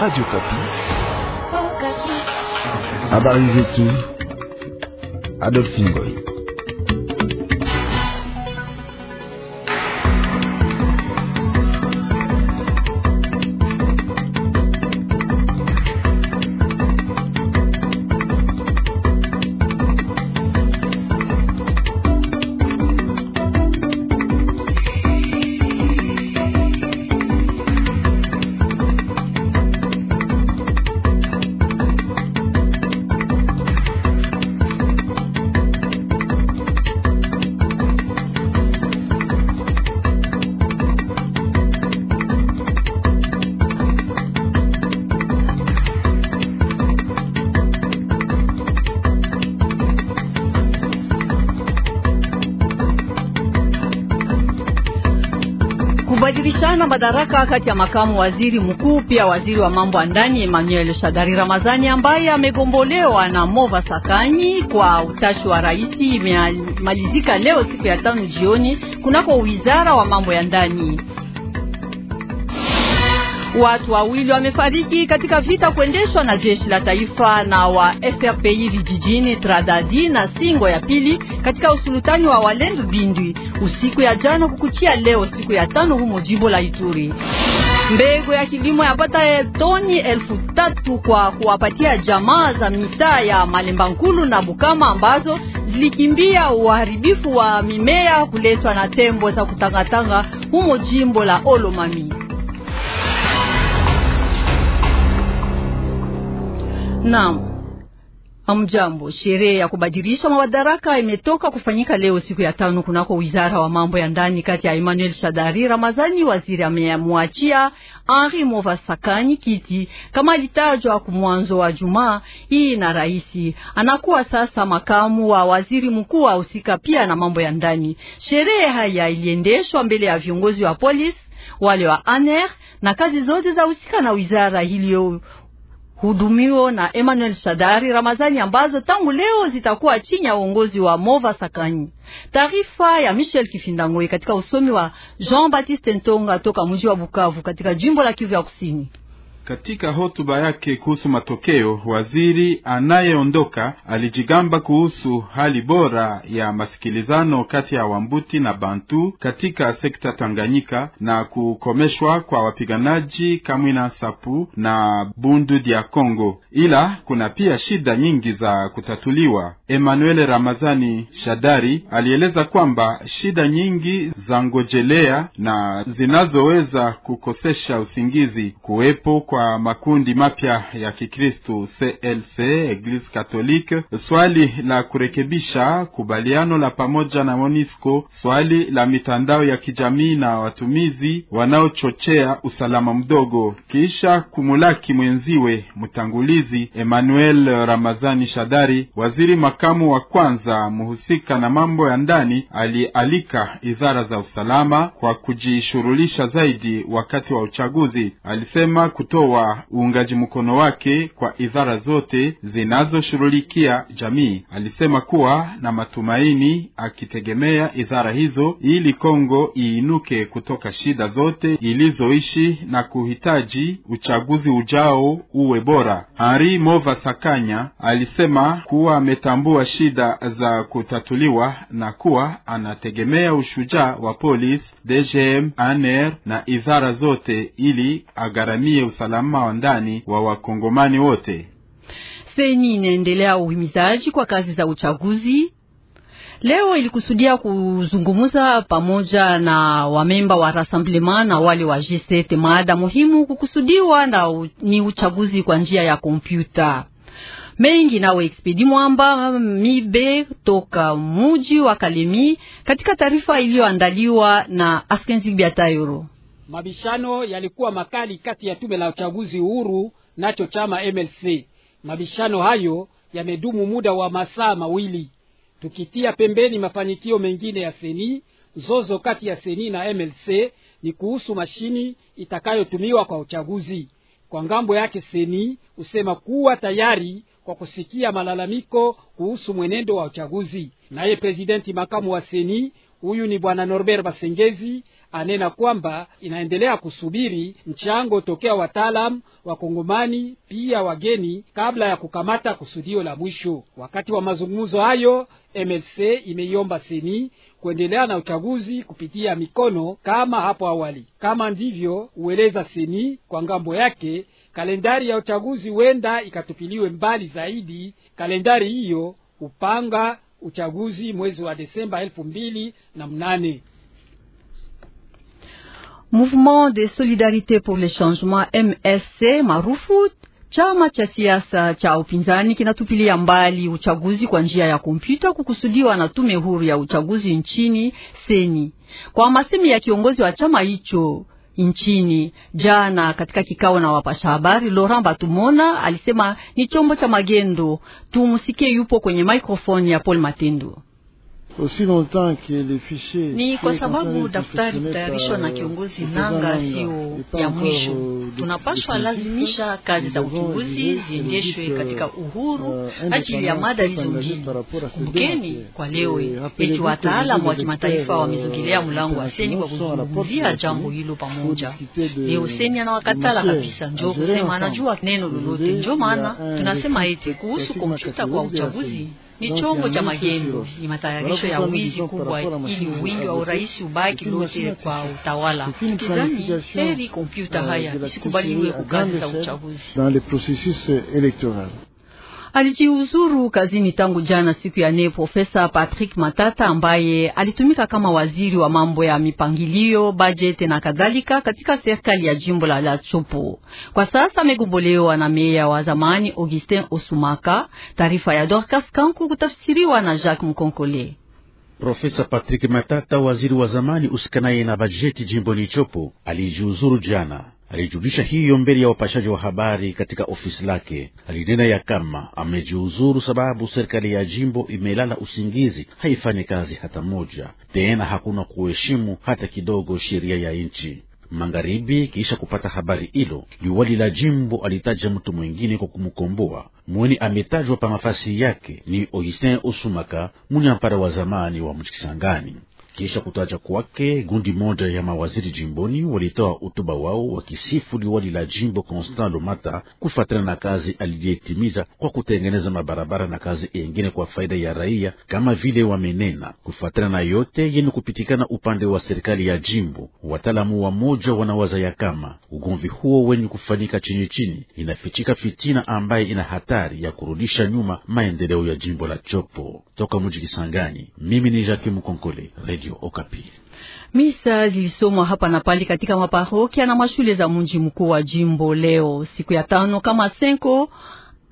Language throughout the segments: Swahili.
Radio oh, Kapi. Habari zetu Adolphe Ngoy. kubadilishana madaraka kati ya makamu waziri mkuu pia waziri wa mambo ya ndani Emmanuel Shadari Ramazani ambaye amegombolewa na Mova Sakanyi kwa utashi wa rais imemalizika leo siku ya tano jioni kunako wizara wa mambo ya ndani. Watu wawili wamefariki katika vita kuendeshwa na jeshi la taifa na wa FRPI vijijini Tradadi na Singo ya pili katika usulutani wa Walendu Bindi usiku ya jana kukuchia leo siku ya tano humo jimbo la Ituri. Mbegu ya kilimo yapata toni elfu tatu kwa kuwapatia jamaa za mitaa ya Malemba Nkulu na Bukama ambazo zilikimbia uharibifu wa mimea kuletwa na tembo za kutangatanga humo jimbo la Olomami. Naam. Amjambo. Sherehe ya kubadilisha madaraka imetoka kufanyika leo siku ya tano kunako wizara wa mambo ya ndani kati ya Emmanuel Shadari Ramazani, waziri amemwachia Henri Movasakani kiti kama alitajwa kumwanzo wa Jumaa hii na rais. anakuwa sasa makamu wa waziri mkuu wa ahusika pia na mambo ya ndani. Sherehe haya iliendeshwa mbele ya viongozi wa polisi wale wa aner na kazi zote za husika na wizara hiliyo hudumiwa na Emmanuel Shadari Ramazani ambazo tangu leo zitakuwa chini ya uongozi wa Mova Sakanyi. Taarifa ya Michel Kifindangoi katika usomi wa Jean Baptiste Ntonga toka mji wa Bukavu katika jimbo la Kivu ya Kusini. Katika hotuba yake kuhusu matokeo, waziri anayeondoka alijigamba kuhusu hali bora ya masikilizano kati ya Wambuti na Bantu katika sekta Tanganyika na kukomeshwa kwa wapiganaji Kamwina Sapu na Bundu dia congo ila kuna pia shida nyingi za kutatuliwa. Emmanuel Ramazani Shadari alieleza kwamba shida nyingi za ngojelea na zinazoweza kukosesha usingizi kuwepo kwa kwa makundi mapya ya Kikristo CLC Eglise Catholique, swali la kurekebisha kubaliano la pamoja na MONUSCO, swali la mitandao ya kijamii na watumizi wanaochochea usalama mdogo, kisha kumulaki mwenziwe mtangulizi Emmanuel Ramazani Shadari, waziri makamu wa kwanza mhusika na mambo ya ndani, alialika idara za usalama kwa kujishughulisha zaidi wakati wa uchaguzi. Alisema kutoa kutoa uungaji mkono wake kwa idara zote zinazoshughulikia jamii. Alisema kuwa na matumaini akitegemea idara hizo ili Kongo iinuke kutoka shida zote ilizoishi na kuhitaji uchaguzi ujao uwe bora. Henri Mova Sakanya alisema kuwa ametambua shida za kutatuliwa na kuwa anategemea ushujaa wa polisi, DGM, ANR na idara zote ili agharamie usalama usalama wa ndani wa wakongomani wote. Seni inaendelea uhimizaji kwa kazi za uchaguzi. Leo ilikusudia kuzungumza pamoja na wamemba wa Rassemblement na wale wa G7. Maada muhimu kukusudiwa na ni uchaguzi kwa njia ya kompyuta. Mengi nawe Expedi Mwamba Mibe toka muji wa Kalemi katika taarifa iliyoandaliwa na Askenzi Biatayoro. Mabishano yalikuwa makali kati ya tume la uchaguzi huru nacho chama MLC. Mabishano hayo yamedumu muda wa masaa mawili. Tukitia pembeni mafanikio mengine ya seni, zozo kati ya seni na MLC ni kuhusu mashini itakayotumiwa kwa uchaguzi. Kwa ngambo yake, seni husema kuwa tayari kwa kusikia malalamiko kuhusu mwenendo wa uchaguzi. Naye presidenti makamu wa seni Huyu ni bwana Norbert Basengezi anena kwamba inaendelea kusubiri mchango tokea wataalam wakongomani pia wageni kabla ya kukamata kusudio la mwisho. Wakati wa mazungumzo hayo, MLC imeiomba seni kuendelea na uchaguzi kupitia mikono kama hapo awali. Kama ndivyo, hueleza seni kwa ngambo yake, kalendari ya uchaguzi huenda ikatupiliwe mbali zaidi. Kalendari hiyo upanga uchaguzi mwezi wa Desemba elfu mbili na mnane. Mouvement de Solidarité pour le Changement MSC maarufu chama cha siasa cha upinzani kinatupilia mbali uchaguzi kwa njia ya kompyuta kukusudiwa na tume huru ya uchaguzi nchini seni. Kwa masemi ya kiongozi wa chama hicho nchini. Jana katika kikao na wapasha habari, Laurent Batumona alisema ni chombo cha magendo. Tumsikie, yupo kwenye maikrofoni ya Paul Matindu. Ni kwa sababu daftari kutayarishwa na kiongozi nanga sio ya mwisho. Tunapaswa lazimisha kazi za uchunguzi ziendeshwe katika euh, uhuru ajili ya mada hizo mbili. Kumbukeni kwa leo eti wataalamu wa kimataifa euh, wamezongelea mlango wa seni kwa kuzungumzia jambo hilo pamoja. Leo seni anawakatala kabisa, njo kusema anajua neno lolote. Njo maana tunasema eti kuhusu kompyuta kwa uchaguzi ni chombo cha magendo, ni matayarisho ya wizi kubwa, ili wingi wa urais ubaki lote kwa utawala. Tukizani heri kompyuta uh, haya isikubaliwe kukazi za uchaguzi alijiuzuru kazini tangu jana siku ya nne. Profesa Patrick Matata ambaye alitumika kama waziri wa mambo ya mipangilio, bajeti na kadhalika katika serikali ya jimbo la La Chopo, kwa sasa amegombolewa na meya wa zamani Augustin Osumaka. Taarifa ya Dorcas Kanku kutafsiriwa na Jacques Mkonkole. Profesa Patrick Matata, waziri wa zamani usikanaye na bajeti jimboni Chopo, alijiuzuru jana alijulisha hiyo mbele ya wapashaji wa habari katika ofisi lake. Alinena ya kama amejiuzuru sababu serikali ya jimbo imelala usingizi, haifanyi kazi hata moja tena, hakuna kuheshimu hata kidogo sheria ya nchi magharibi. Kisha kupata habari hilo, liwali la jimbo alitaja mtu mwingine kwa kumkomboa. Mweni ametajwa pa nafasi yake ni Augustin Osumaka, munyampara wa zamani wa Mchikisangani. Kisha kutaja kwake, gundi moja ya mawaziri jimboni walitoa hotuba wao wakisifu liwali la jimbo Constant Lomata kufuatana na kazi aliyetimiza kwa kutengeneza mabarabara na kazi engine kwa faida ya raia, kama vile wamenena. Kufuatana na yote yeni kupitikana upande wa serikali ya jimbo, wataalamu wa moja wanawaza ya kama ugomvi huo wenye kufanyika chini chini inafichika fitina ambaye ina hatari ya kurudisha nyuma maendeleo ya jimbo la Chopo toka mji Kisangani. Mimi ni Jacques Mkonkole, Radio Okapi. Misa zilisomwa hapa na pale katika maparokia na mashule za mji mkuu wa jimbo leo siku ya tano, kama senko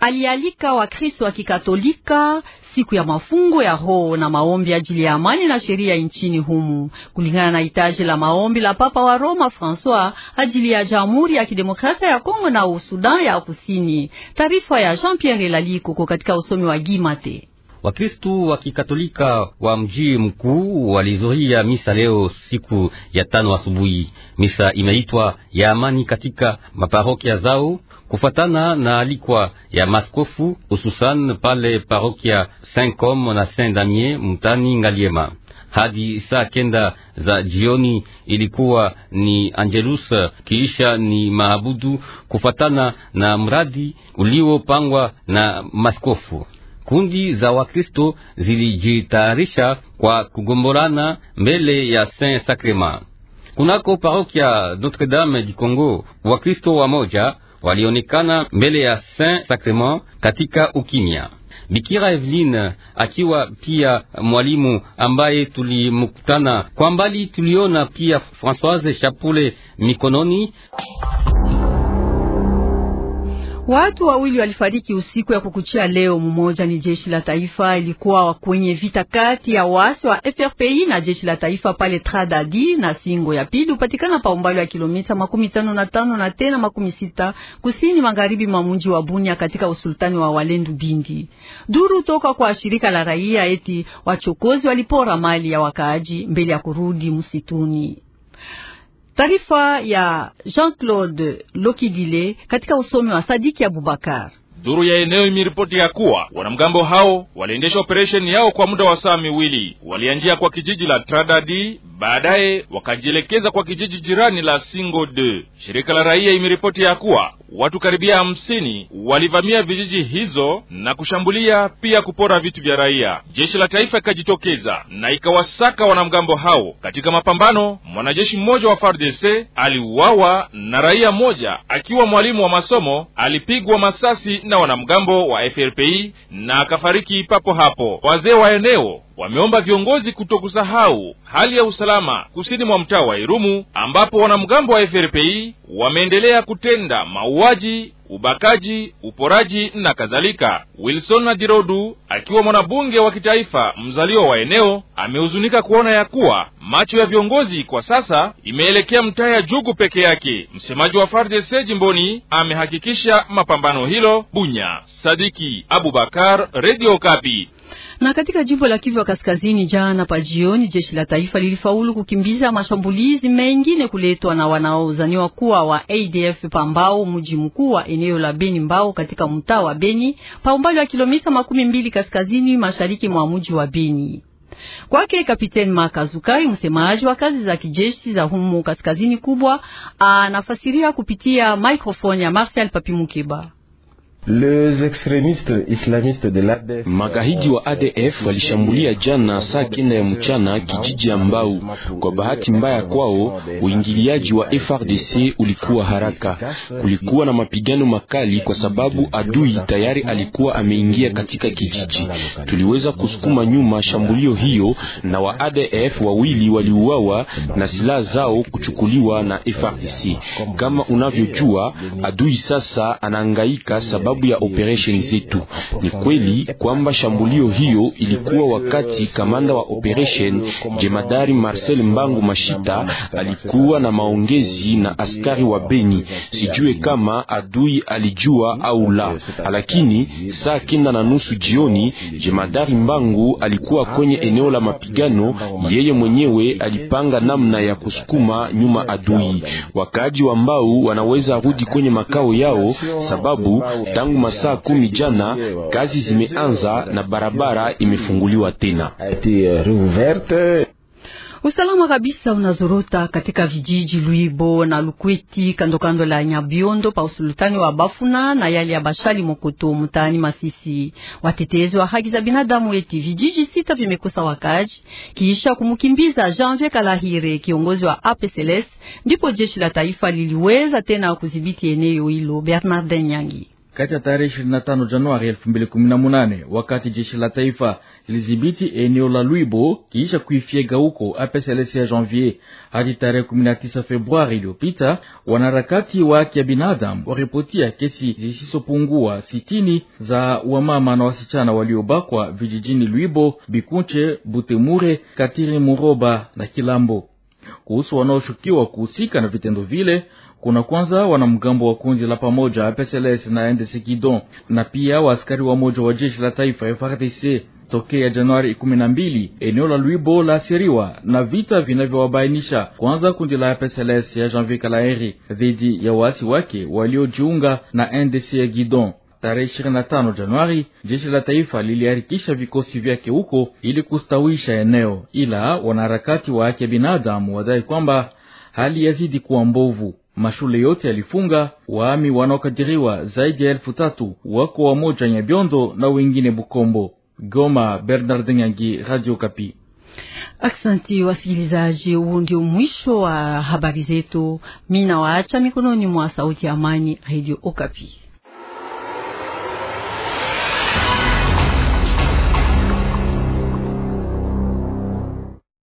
alialika Wakristo wa Kikatolika siku ya mafungo ya roho na maombi ajili ya amani na sheria nchini humu, kulingana na hitaji la maombi la Papa wa Roma Francois ajili ya Jamhuri ya Kidemokrasia ya Kongo na Sudan ya Kusini. Taarifa ya Jean Pierre Lalikoko katika usomi wa Gimate. Wakristu wa Kikatolika wa mji mkuu walizuria misa leo siku ya tano asubuhi. Misa imeitwa ya amani katika maparokia zao kufatana na alikwa ya maskofu, hususan pale parokia Saint Com na Saint Damien mtani Ngaliema hadi saa kenda za jioni ilikuwa ni Angelus, kiisha ni maabudu kufatana na mradi uliopangwa na maskofu kundi za Wakristo zilijitayarisha kwa kugombolana mbele ya Saint Sacrement. Kunako parokia Notre Dame di Congo, Wakristo wamoja walionekana mbele ya Saint Sacrement katika ukimya. Bikira Eveline akiwa pia mwalimu ambaye tulimkutana kwa mbali, tuliona pia Françoise Chapule mikononi Watu wawili walifariki usiku ya kukuchia leo. Mmoja ni jeshi la taifa, ilikuwa kwenye vita kati ya waasi wa FRPI na jeshi la taifa pale Tradadi, na singo ya pili upatikana pa umbali wa kilomita makumi tano na tano na tena makumi sita kusini magharibi mwa mji wa Bunia katika usultani wa Walendu Bindi. Duru toka kwa shirika la raia eti wachokozi walipora mali ya wakaaji mbele ya kurudi msituni. Taarifa ya Jean-Claude Lokidile katika usomi wa Sadiki Abubakar. Duru ya eneo imeripoti ya kuwa wanamgambo hao waliendesha operesheni yao kwa muda wa saa miwili. Walianjia kwa kijiji la Tradadi, baadaye wakajielekeza kwa kijiji jirani la Singo de. Shirika la raia imeripoti ya kuwa watu karibia hamsini walivamia vijiji hizo na kushambulia pia kupora vitu vya raia. Jeshi la taifa ikajitokeza na ikawasaka wanamgambo hao. Katika mapambano, mwanajeshi mmoja wa FARDC aliuawa na raia mmoja akiwa mwalimu wa masomo alipigwa masasi na wanamgambo wa FRPI na akafariki papo hapo. Wazee wa eneo wameomba viongozi kutokusahau hali ya usalama kusini mwa mtaa wa Irumu ambapo wanamgambo wa FRPI wameendelea kutenda mauaji, ubakaji, uporaji na kadhalika. Wilson Nadirodu akiwa mwanabunge wa kitaifa mzaliwa wa eneo amehuzunika kuona ya kuwa macho ya viongozi kwa sasa imeelekea mtaa ya Jugu peke yake. Msemaji wa FARDC jimboni amehakikisha mapambano hilo. Bunya Sadiki Abubakar, Radio Kapi. Na katika jimbo la Kivu ya Kaskazini, jana pa jioni jeshi la taifa lilifaulu kukimbiza mashambulizi mengine kuletwa na wanaozaniwa kuwa wa ADF Pambao, mji mkuu wa eneo la Beni Mbao, katika mtaa wa Beni pa umbali wa kilomita makumi mbili kaskazini mashariki mwa mji wa Beni. Kwake Kapiteni Makazukai, msemaji wa kazi za kijeshi za humu kaskazini kubwa, anafasiria kupitia mikrofoni ya Martial Papimukiba. Magaidi wa ADF euh, walishambulia jana euh, saa kenda ya mchana kijiji ya Mbau. Kwa bahati mbaya euh, kwao, uingiliaji wa FRDC ulikuwa haraka. Kulikuwa na mapigano makali, kwa sababu adui tayari alikuwa ameingia katika kijiji. Tuliweza kusukuma nyuma shambulio hiyo, na wa ADF wawili waliuawa na silaha zao kuchukuliwa na FRDC. Kama unavyojua, adui sasa anahangaika sababu sababu ya operesheni zetu. Ni kweli kwamba shambulio hiyo ilikuwa wakati kamanda wa operesheni jemadari Marcel Mbangu Mashita alikuwa na maongezi na askari wa Beni. Sijue kama adui alijua au la, lakini saa kenda na nusu jioni jemadari Mbangu alikuwa kwenye eneo la mapigano. Yeye mwenyewe alipanga namna ya kusukuma nyuma adui. Wakaaji wa Mbau wanaweza rudi kwenye makao yao sababu tangu masaa kumi jana kazi zimeanza na barabara imefunguliwa tena. Usalama kabisa unazorota katika vijiji Luibo na Lukweti kandokando la Nyabiondo pa usultani wa Bafuna na yale ya Bashali Mokoto mtaani Masisi. Watetezi wa haki za binadamu eti vijiji sita vimekosa wakaji kisha kumkimbiza Janvier Kalahire, kiongozi wa APCLS, ndipo jeshi la taifa liliweza tena kudhibiti eneo hilo. Bernard Nyangi kati ya tarehe 25 Januari 2018 wakati jeshi la taifa lilidhibiti eneo la Lwibo kiisha kuifyega huko APCLC ya Janvier hadi tarehe 19 Februari iliyopita, wanaharakati wa haki ya binadamu waripotia kesi zisizopungua sitini za wamama na wasichana waliobakwa vijijini Lwibo, Bikunche, Butemure, Katiri, Muroba na Kilambo. Kuhusu wanaoshukiwa kuhusika na vitendo vile kuna kwanza wanamgambo wa kundi la pamoja PSLS na NDC guidon na pia waaskari wa moja wa jeshi la taifa FARDC tokea Januari 12 eneo la Lwibo la asiriwa na vita vinavyowabainisha kwanza kundi la PSLS ya Janvier Kalaeri dhidi ya waasi wake waliojiunga na NDC ya Gidon. Tarehe 25 Januari, jeshi la taifa liliharikisha vikosi vyake huko ili kustawisha eneo, ila wanaharakati wa haki ya binadamu wadai kwamba hali yazidi kuwa mbovu. Mashule yote yalifunga. Waami wanaokadiriwa zaidi ya elfu tatu wako wamoja Nyabiondo na wengine Bukombo. Goma, Bernard Nyangi, Radio Kapi. Aksanti wasikilizaji, huu ndio mwisho wa habari zetu. Mina nawaacha mikononi mwa sauti ya amani, Radio Okapi.